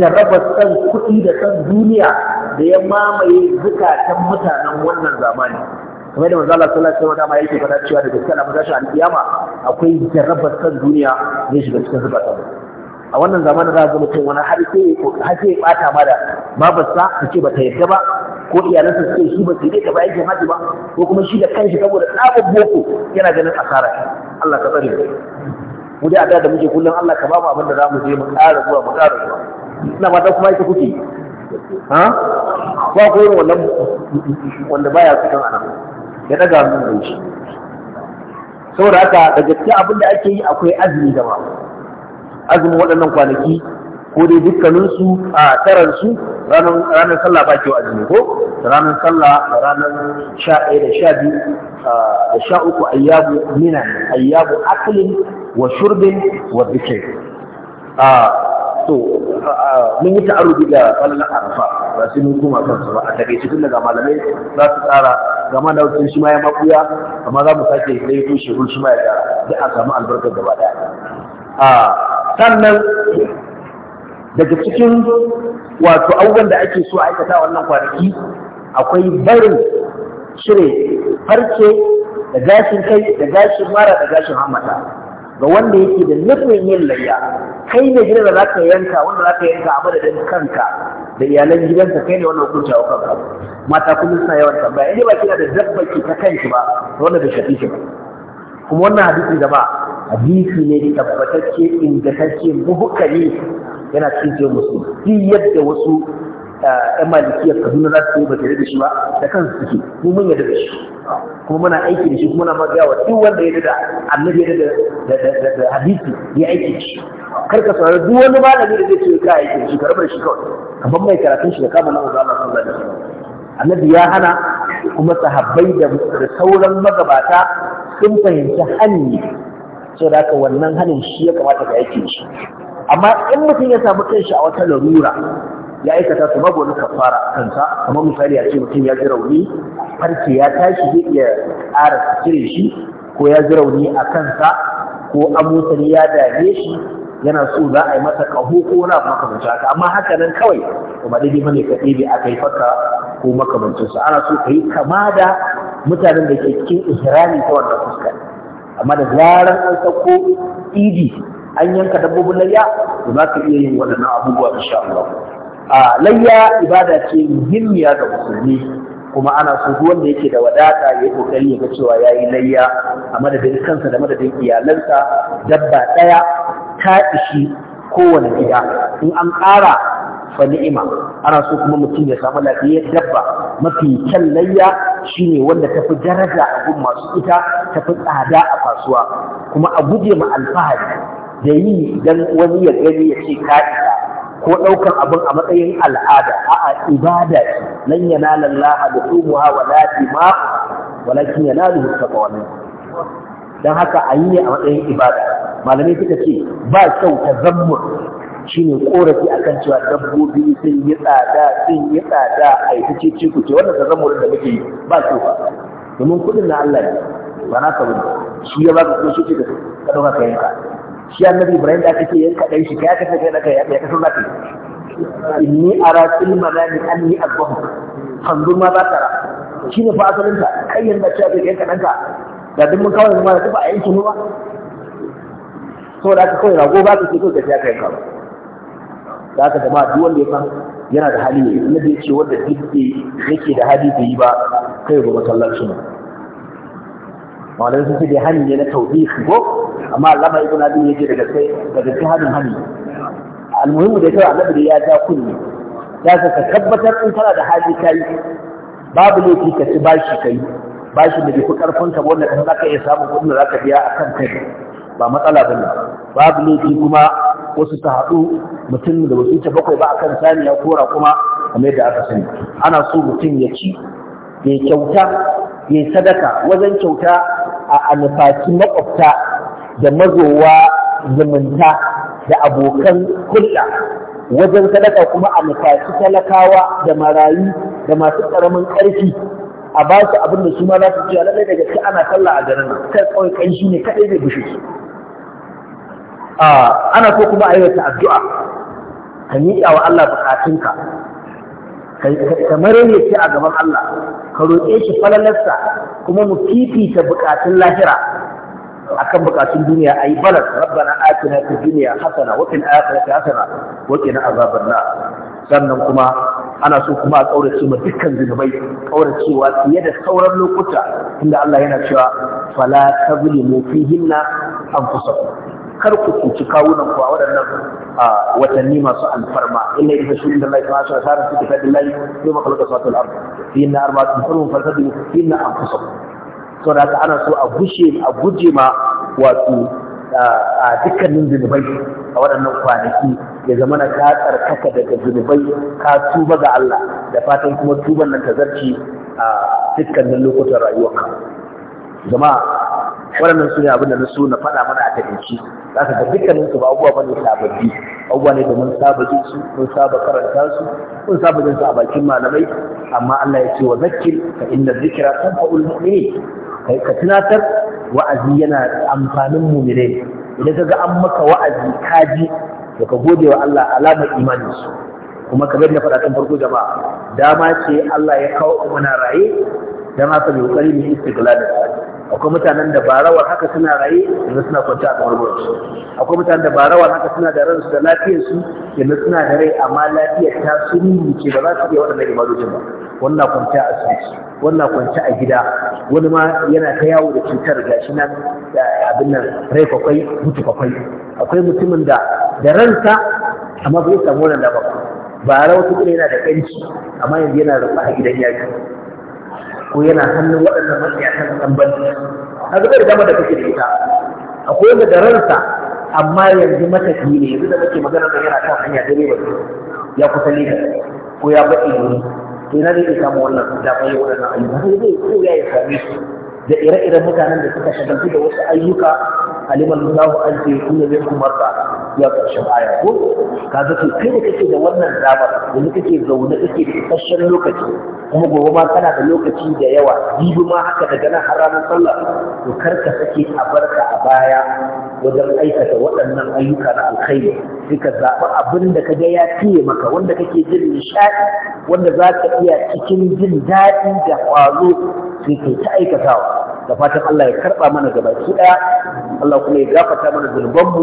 jarrabar san kuɗi da san duniya da ya mamaye zukatan mutanen wannan zamani kamar da manzala sallallahu alaihi wasallam yake fada cewa da gaskiya na mutashi iyama, akwai jarrabar san duniya zai shiga cikin zukatan a wannan zamanin za a zama kai, wani har sai ya sai bata ma da babarsa ta ce bata yadda ba ko iyalansa su ce shi ba su yi ta ba aikin haji ba ko kuma shi da kanshi saboda tsabar boko yana ganin asara Allah ka tsare mu dai a da muke kullum Allah ka ba mu abin da za mu je mu ƙara zuwa mu ƙara zuwa ina ba ta kuma ita kuke ha ko ko wannan wanda baya cikin anan ya daga mun shi saboda haka da gaskiya abin da ake yi akwai azumi da ba azumin waɗannan kwanaki ko dai dukkaninsu a taransu ranar sallah ba ke azumi ko ranar sallah da ranar sha ɗaya da sha biyu da sha uku ayyabu mina ayyabu aklin wa shurbin wa a to mun yi ta'arudi da falalar arafa ba sai mun koma su ba a takaice tun daga malamai za su tsara Gama da wasu shi ma ya makuya amma za mu sake laifin shehun shi ma ya da a samu albarkar gaba ɗaya sannan daga cikin wato abubuwan da ake so aikata wannan kwanaki akwai barin cire farce da gashin kai da gashin mara da gashin hamata ga wanda yake da nufin yin layya kai ne gidan da za ka yanka wanda za ka yanka a madadin kanka da iyalan gidanka kai ne wannan hukunta a kanka mata kullum suna yawan tambaya ba kina da dabba ki ta kanki ba wanda da shafi shi ba kuma wannan hadisi gaba hadisi ne tabbatacce ingantacce muhukkari yana cikin jiya musulun duk yadda wasu yan eh, malikiya kaduna za su yi bata da shi ba da kansu suke mu mun yadda da shi kuma muna aiki da shi kuma muna magana wa duk wanda ya da annabi ya da da hadisi ya aiki da shi kar ka saurari duk wani malami da zai ce ka aiki da shi ka rabar shi kawai kamar mai karatun shi da kama na Allah sallallahu alaihi wasallam annabi ya hana kuma sahabbai da sauran magabata sun fahimci hanyi sai da wannan hannun shi ya kamata ka yake shi amma in mutum ya samu kanshi a wata larura ya aikata su babu wani kafara kansa kamar misali a ce mutum ya ji rauni farce ya tashi zai iya ƙara cire shi ko ya ji rauni a kansa ko amosani ya dame shi yana so za a yi masa ƙaho ko wani abu haka amma haka nan kawai kuma daidai bane ka ɗebe aka yi faka ko makamancinsu ana so ka yi kama da mutanen da ke cikin ihrami ta wannan fuska amma da zarar an sauko idi an yanka dabbobin layya to za ka iya yin waɗannan abubuwa insha Allah a layya ibada ce muhimmiya ga musulmi kuma ana so duk wanda yake da wadata ya kokari ya ga cewa ya yi layya a madadin kansa da madadin iyalansa dabba ɗaya, ta ishi kowane gida in an ƙara fa ni'ima ana so kuma mutum ya samu lafiyar dabba mafi kyan layya shine wanda tafi daraja a gun masu ita tafi tsada a kasuwa kuma a guje ma alfahari da yi dan wani ya gani ya ce ka ko ɗaukar abin a matsayin al'ada a'a ibada ce lan yanala Allah da tumuha wa la walakin yanaluhu taqwa dan haka a yi a matsayin ibada malamai suka ce ba kyau ta zammu shine korafi kan cewa dabbobi sun yi tsada sun yi tsada a yi ce ce ku ce wannan zazan murin da muke yi ba su ba domin kuɗin na Allah ne ba na sabon shi ya baka ko shi ce ka ɗauka ka yanka shi annabi Ibrahim da aka ce yanka ɗan shi kai aka ce kai ɗaka ya kasar zaka yi inni ara fil manami anni azbahu fanzur ma za ta ra ne fa asalin ta kai yanda cewa kai yanka ɗanka da duk mun kawai ma da ba a yanki ba saboda aka kawai rago ba ka ce ko ka ce aka yanka ba da haka jama'a duk wanda ya san yana da hali ne na da yace wanda duk yake da hali bai yi ba kai ga masallaci ne malam sun ce da hani ne na tawbihi ko amma lama ibn abi yake daga sai daga sai hali hani almuhimmu da cewa annabi ya ja kunni ya ka tabbatar in kana da hali kai babu laifi ka ci bashi kai bashi da bai fi karfin ka wanda kan zaka iya samun kuɗin da zaka biya akan kai ba matsala ba ne babu laifi kuma wasu ta haɗu mutum da wasu ta bakwai ba a akan saniya kora kuma kamar da aka sani ana so mutum ya ci ya kyauta ya sadaka wajen kyauta a alfaki makwabta da mazowa zumunta da abokan kulla, wajen sadaka kuma a nufaci talakawa da marayu da masu ƙaramin ƙarfi a ba su abin da su ma za su ce a lallai daga ci ana sallah a garin kai kawai shi ne kaɗai zai bushe su ana so kuma a yi wata addu'a ka miƙa wa Allah bukatunka kamar ne ce a gaban Allah ka roƙe shi falalarsa kuma mu fifita bukatun lahira akan bukatun duniya ayi balas rabbana atina ta duniya hasana wakil fil hasana wakil na azaban sannan kuma ana so kuma a ƙaurace ma dukkan zunubai ƙauracewa fiye da sauran lokuta inda Allah yana cewa fala ta hinna fihinna fusa kar ku cuci kawunan ku a waɗannan watanni masu alfarma illa idza shuru da laifin ashara tara su kitab billahi sai ma khalaqa sawatul ard fi su arba'atun hurum fasadu fi inna anfusakum to da haka ana so a gushe a guje ma wato a dukkanin zunubai a waɗannan kwanaki ya zama na ka tsarkaka daga zunubai ka tuba ga Allah da fatan kuma tuban nan ta zarci a dukkanin lokutan rayuwarka jama'a waɗannan su ne abin da na so na faɗa mana a taƙaice za ka ga dukkanin su ba abubuwa bane sababbi abubuwa ne da saba jin su mun saba karanta su mun saba jin su a bakin malamai amma Allah ya ce wa zakkir ka inna zikira tanfa'ul mu'minin kai ka tunatar wa'azi yana amfanin mu'minai idan ka ga an maka wa'azi kaji to ka gode wa Allah alamar imanin su kuma kamar da faɗa farko jama'a dama ce Allah ya kawo mana raye dan haka bai kokari mu istiqlalin akwai mutanen da barawar haka suna raye yanzu suna kwanta a kamarwarsu akwai mutanen da barawar haka suna da ransu da lafiyarsu yanzu suna da rai amma lafiyar ta sun ce ba za su iya waɗannan ibadojin ba wannan kwanta a asibiti wannan kwanta a gida wani ma yana ta yawo da cutar gashi nan abin nan rai kwakwai mutu kwakwai akwai mutumin da da ransa amma bai samu wannan da ba su wata yana da ƙanci amma yanzu yana rufa a gidan yaki ko yana hannun waɗannan matsayatan ɗan banci a zubar dama da kake da ita akwai wanda da ransa amma yanzu matafi ne yanzu da muke magana da yana kan hanya dare ba ya kusa lagos ko ya baɗi ne to yana da ya samu wannan da bai waɗannan ayyuka ko ya yi same da ire-iren mutanen da suka shagaltu da wasu ayyuka aliman Allahu an kuma zai kuma ya karshen aya ko ga to kai da kake da wannan damar yanzu kake zaune kake da lokaci kuma gobe ma kana da lokaci da yawa jibi ma haka daga nan har ranar sallah to kar ka sake a barka a baya wajen aikata waɗannan ayyuka na alkhairi sai ka zaɓi abin da ka ga ya fiye maka wanda kake jin nishaɗi wanda za ka iya cikin jin daɗi da ƙwazo sai ka ta aikatawa da fatan Allah ya karɓa mana gaba ki ɗaya, Allah kuma ya gafarta mana zunubanmu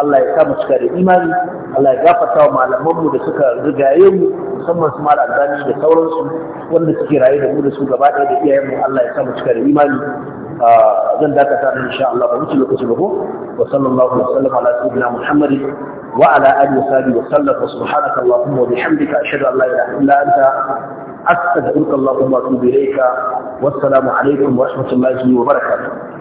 Allah ya sa mu cika da imani Allah ya gafarta wa malamanmu da suka rigaye mu musamman su mala albani da sauransu wanda suke raye da mu da su gaba ɗaya da iyayenmu Allah ya sa mu cika da imani ah, zan dakata da insha Allah ba wuce lokaci ba ko wa sallallahu alaihi wa sallam ala sayyidina Muhammad wa ala alihi wa sahbihi wa sallam subhanaka allahumma wa bihamdika ashhadu an la ilaha illa anta astaghfiruka Allahumma wa atubu ilayka wassalamu alaikum wa rahmatullahi wa barakatuh